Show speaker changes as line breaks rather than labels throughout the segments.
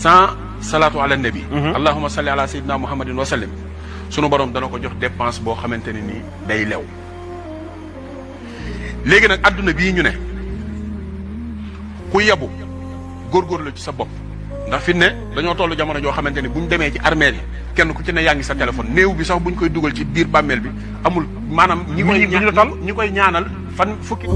sans salaatu ala nabi mhm. allahuma salli ala sayyidina muhammadin wa sallim sunu borom dana ko jox dépense boo xamante ne nii day lew léegi nag àdduna bii ñu ne ku yabu góorgóorlu ci sa bopp ndax fi ne dañoo tollu jamono joo xamante ni bu demee ci armeel yi kenn ku ci ne yaa ngi sa téléphone néew bi sax bu ñu koy dugal ci biir bàmmeel bi amul maanaam ñi koy ñi koy ñaanal fan fukki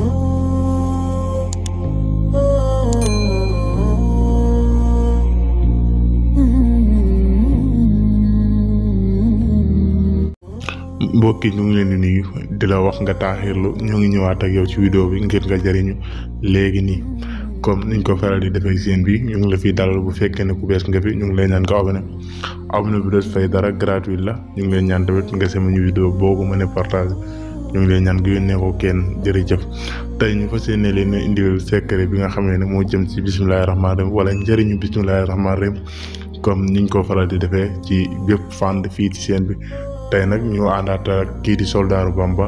mbokki ñu ngi leen di nuyu di la wax nga taaxirlu ñoo ngi ñëwaat ak yow ci vidéo bi ngir nga jariñu léegi nii comme niñ ko faral di defee seen bi ñu la fiy dalal bu fekkee ne ku bees nga fi ñu ngi lay ñaan nga abonné abonné bi des fay dara gratuit la ñu ngi leen ñaan tamit nga sama ñu boo ko mënee partage ñu ngi leen ñaan nga yónnee kenn jërëjëf tey ñu fas yéene leen indiwel secret bi nga xamee ne moo jëm ci bisimilahi rahmaani rahim wala njëriñu bisimilahi rahmaani rahim comme niñ ko faral di defee ci bépp fànn fii ci seen bi tey nag ñu àndaat kii di soldaaru Bamba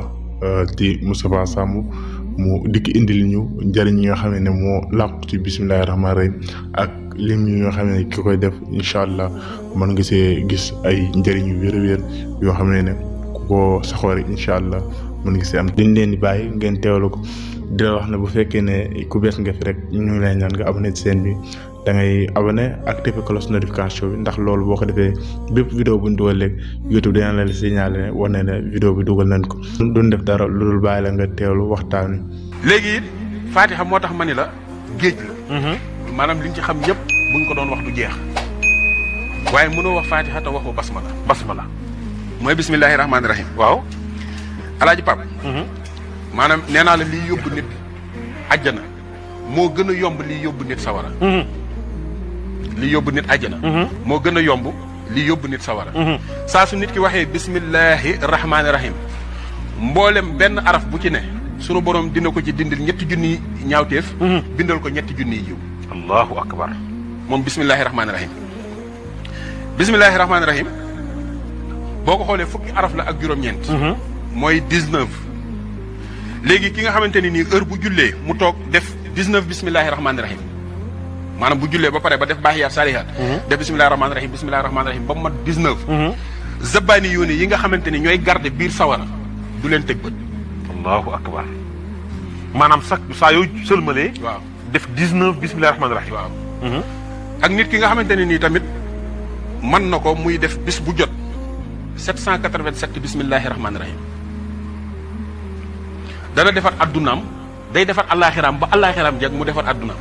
ci euh, Moustapha Samb mu dikk indil ñu njëriñ yi nga xam ne moo làqu ci bisimilah rahmaani rahim ak lim yi nga xam ne ki koy def incha allah mën nga see gis ay njëriñ yu wér-wér yoo xam ne ku ko saxoori incha allah mën nga see am. liñ leen di bàyyi ngeen teewlu ko di la wax ne bu fekkee ne ku bees nga fi rek ñu ngi lay ñaan nga abonné ci seen bi. da ngay abonné activé cloche notification bi ndax loolu boo ko defee bépp vidéo bu ñu dugal léegi YouTube dina la signalé ne war na ne vidéo bi dugal nañ ko. duñ def dara lu dul bàyyi la nga teewlu waxtaan wi.
léegi it Fatiha moo tax ma ni la géej la. Mhm. maanaam liñ ci xam yëpp buñ ko doon wax du jeex waaye mënoo wax Fatiha te waxoo basmala. basmala mooy bismillahi rahmaani rahim. waaw alaaj Pap mhm. maanaam nee naa la liy yóbbu nit àjjana moo gën a yomb liy li yóbbu nit àjjana mhm. moo gën a yomb li yóbbu nit sawara mhm. saa su nit ki waxee bismillahi rahmaani rahim mboolem benn araf bu ci ne sunu borom dina ko ci dindil ñetti junniy ñaawteef mhm. bindal ko ñetti junniy yiw allahu akbar moom bismillahi rahmaani rahim bismillahi rahmaani rahim boo ko xoolee fukki araf la ak juróom-ñeent mooy dix-neuf léegi ki nga xamante ni nii heure bu jullee mu toog def dix-neuf bismillahi rahmaani rahim manam bu julle ba pare ba def bahiya saliha mhm. def bismillahir rahmanir rahim bismillahir rahmanir rahim ba ma 19 mhm. zabani yoni yi nga xamanteni ñoy garder bir sawara du len tek beut allahu akbar manam sak sa yo selmalé waaw def 19 bismillahir rahmanir rahim waaw mhm. ak nit ki nga xamanteni ni tamit man nako muy def bis bu jot 787 bismillahir rahmanir rahim dana defar adunam day defar alakhiram ba alakhiram jag mu defar adunam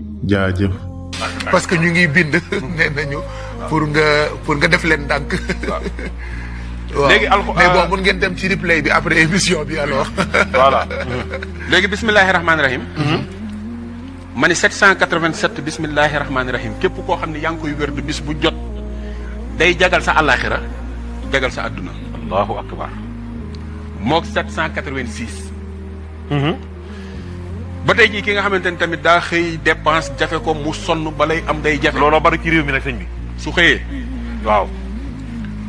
jaajëf parce que ñu ngi bind né nañu pour nga pour nga def len dank
légui léegi mais bon mën ngeen dem ci replay bi après émission bi alors
voilà légui bismillahir rahmanir rahim ma 787 bismillahir rahmanir rahim képp ko xamni ne koy wër du bis bu jot day jagal sa àllaaxira jagal sa aduna allahu akbar mok 786 ba tey jii ki nga xamante ni tamit daa xëy dépense jafe ko mu sonn balay am day jafe. looloo bari ci réew mi nag sëñ bi. su xëyee waaw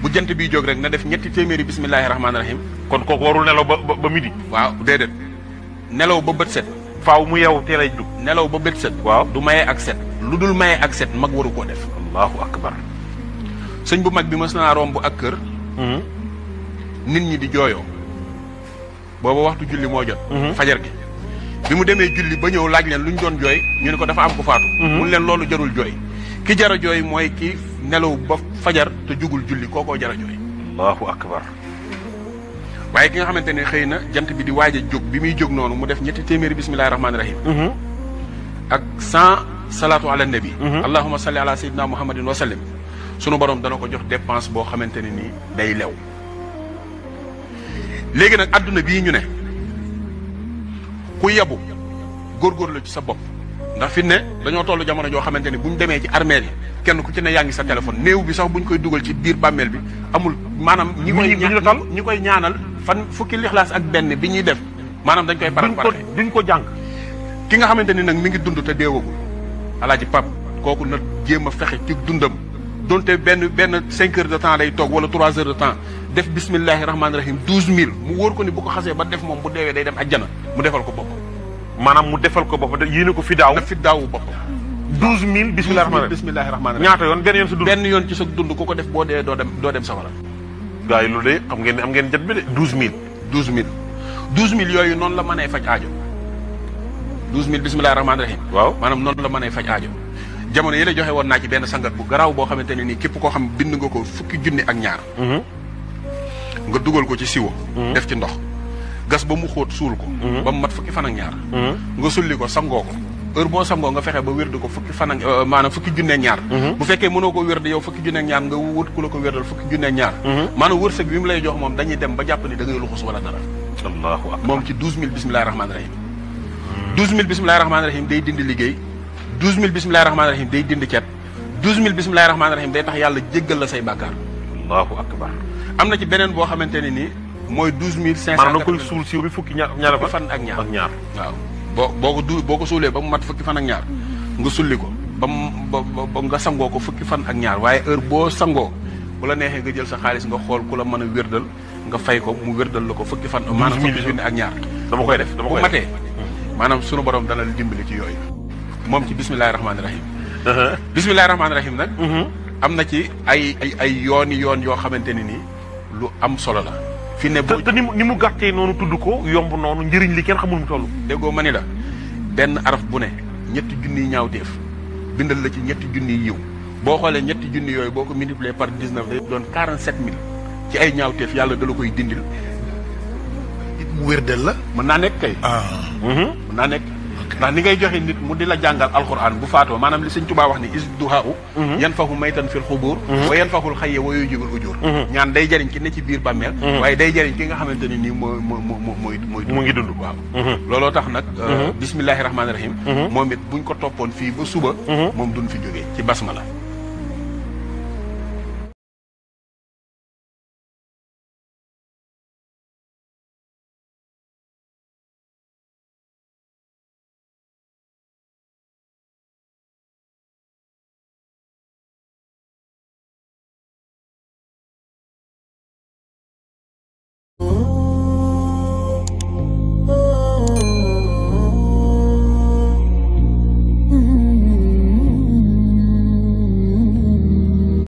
bu jant biy jóg rek na def ñetti téeméeri bismillahi rahmaani rahim. kon kooku warul nelaw ba ba midi. waaw déedéet nelaw ba bët set. faaw mu yow teel a nelaw ba bët set. waaw du maye ak set. lu dul maye ak set mag waru koo def. allahu akbar. sëñ bu mag bi mës naa romb ak kër. Hmm. nit ñi di jooyoo. booba waxtu julli moo jot. Hmm. fajar gi. bi mu demee julli ba ñëw laaj leen lu ñu doon jooy ñu ne ko dafa am ku faatu mhm. mun leen loolu jarul jooy ki jara jooy mooy ki nelaw ba fajar te jógul julli koo jara jooy allahu akbar waaye ki nga xamante ne xëy na jant bi di waaj a jóg bi muy jóg noonu mu def ñetti téeméeri bismillahi rahmaani rahim mhm. ak cent salaatu ala nabi mhm. allahuma salli ala sayyidina muhammadin wa sallim sunu borom dana ko jox dépense boo xamante ne nii day lew léegi nag àdduna bii ñu ne ku yebu góorgóorlu ci sa bopp ndax fi ne dañoo toll jamono joo xamante ni bu ñu demee ci armeel yi kenn ku ci ne yaa ngi sa téléphone néew bi sax bu ñu koy dugal ci biir bàmmeel bi amul maanaam ñi koy ñi koy ñaanal fan fukki lixlaas ak benn bi ñuy def maanaam dañ koy parak parak duñ ko jàng ki nga xamante ni nag mi ngi dund te deewagul alaaji pap kooku na jéem a fexe ci dundam donte benn benn cinq heures de temps lay toog wala trois heures de temps def bismillahi rahmaani rahim douze mille mu wóor ko ni bu ko xasee ba def moom bu deewee day dem ajjana mu defal ko boppam. maanaam mu defal ko boppam yéene yii fi ko daf fi daawu boppam. douze mille bismillahi rahmaani rahim bismillahi rahmaani rahim ñaata yoon benn yoon sa dund. yoon sa dund ku ko def boo deewee doo dem doo dem safara. gars yi loolu de xam ngeen ne am ngeen jot bi de douze mille. douze mille yooyu noonu la mënee faj aajo. douze mille bismillahi rahmaani rahim. waaw maanaam noonu la mën mënee faj aajo. jamono yële joxe woon naa benn sangat bu garaaw boo xamante ne nii képp koo xam bind ko fukki junni ak nga dugal ko ci siw siwo hmm. def ci ndox gas ba mu xóot suul ko hmm. ba mu mat fukki fan ak ñaar hmm. nga sulli ko sangoo ko heure boo sangoo nga fexe ba wérdi ko fukki fan ak euh, maanaam fukki junne ñaar bu fekkee mënoo ko wérdi yow fukki junne ñaar nga wut ku la ko wérdal fukki junne ñaar maanaam wërsëg bi mu lay jox moom dañuy dem ba jàpp ni da ngay luxus wala dara allahu akbar moom ci douze mille bismillahi rahmaani rahim douze mille bismillahi rahmaani rahim day dindi liggéey mille bismillahi rahmaani rahim day dindi cet douze mille la say bàkkaar allahu akbar am na ci beneen boo xamante ne nii mooy douze mille cinq cent. maanaam da koy suul siiw bi fukki fan ak ak ñaar. waaw boo boo ko boo ko suulee ba mu mat fukki fan ak nga sulli ko ba mu ba nga sangoo ko fukki fan ak ñaar waaye heure boo sangoo bu la neexee nga jël sa xaalis nga xool ku la a wérdal nga fay ko mu wérdal la ko fukki fan. maanaam fukki ak ñaar. dama koy def dama koy def bu sunu borom dana la dimbali ci yooyu. moom ci bismillahi rahmaani rahim. Uh-huh. bismillahi rahmaani rahim nag. Uh-huh. am na ci ay ay ay yooni yoon yoo xamante ni nii lu am solo la. fi ne boo te ni mu ni gàttee noonu tudd ko yomb noonu njëriñ li kenn xamul mu toll. déggoo ma ni la benn araf bu ne ñetti junniy ñaawteef bindal la ci ñetti junniy yiw boo xoolee ñetti junni yooyu boo ko multiplier par 19 day doon mil ci ay ñaawteef yàlla da koy dindil. mu wér del la. mën naa nekk kay. Ah. Mhm. mën naa nekk. ndax ni ngay joxe nit mu di la jàngal alquran bu faatoo maanaam li sëñ Tuubaa wax ni isduhaa u mhm. yan fahu maytan fil xubuur mhm. wa yan fahul xayye wa yooyu jibul ujur mhm. ñaan day jëriñ ki ne ci biir bàmmeel waaye day jëriñ ki nga xamante ne nii moo moo moo mooy mooy mu ngi dund waaw looloo tax nag euh, bismillahi rahmaani rahim moom it buñ ko toppoon fii ba suba moom duñ fi jógee ci la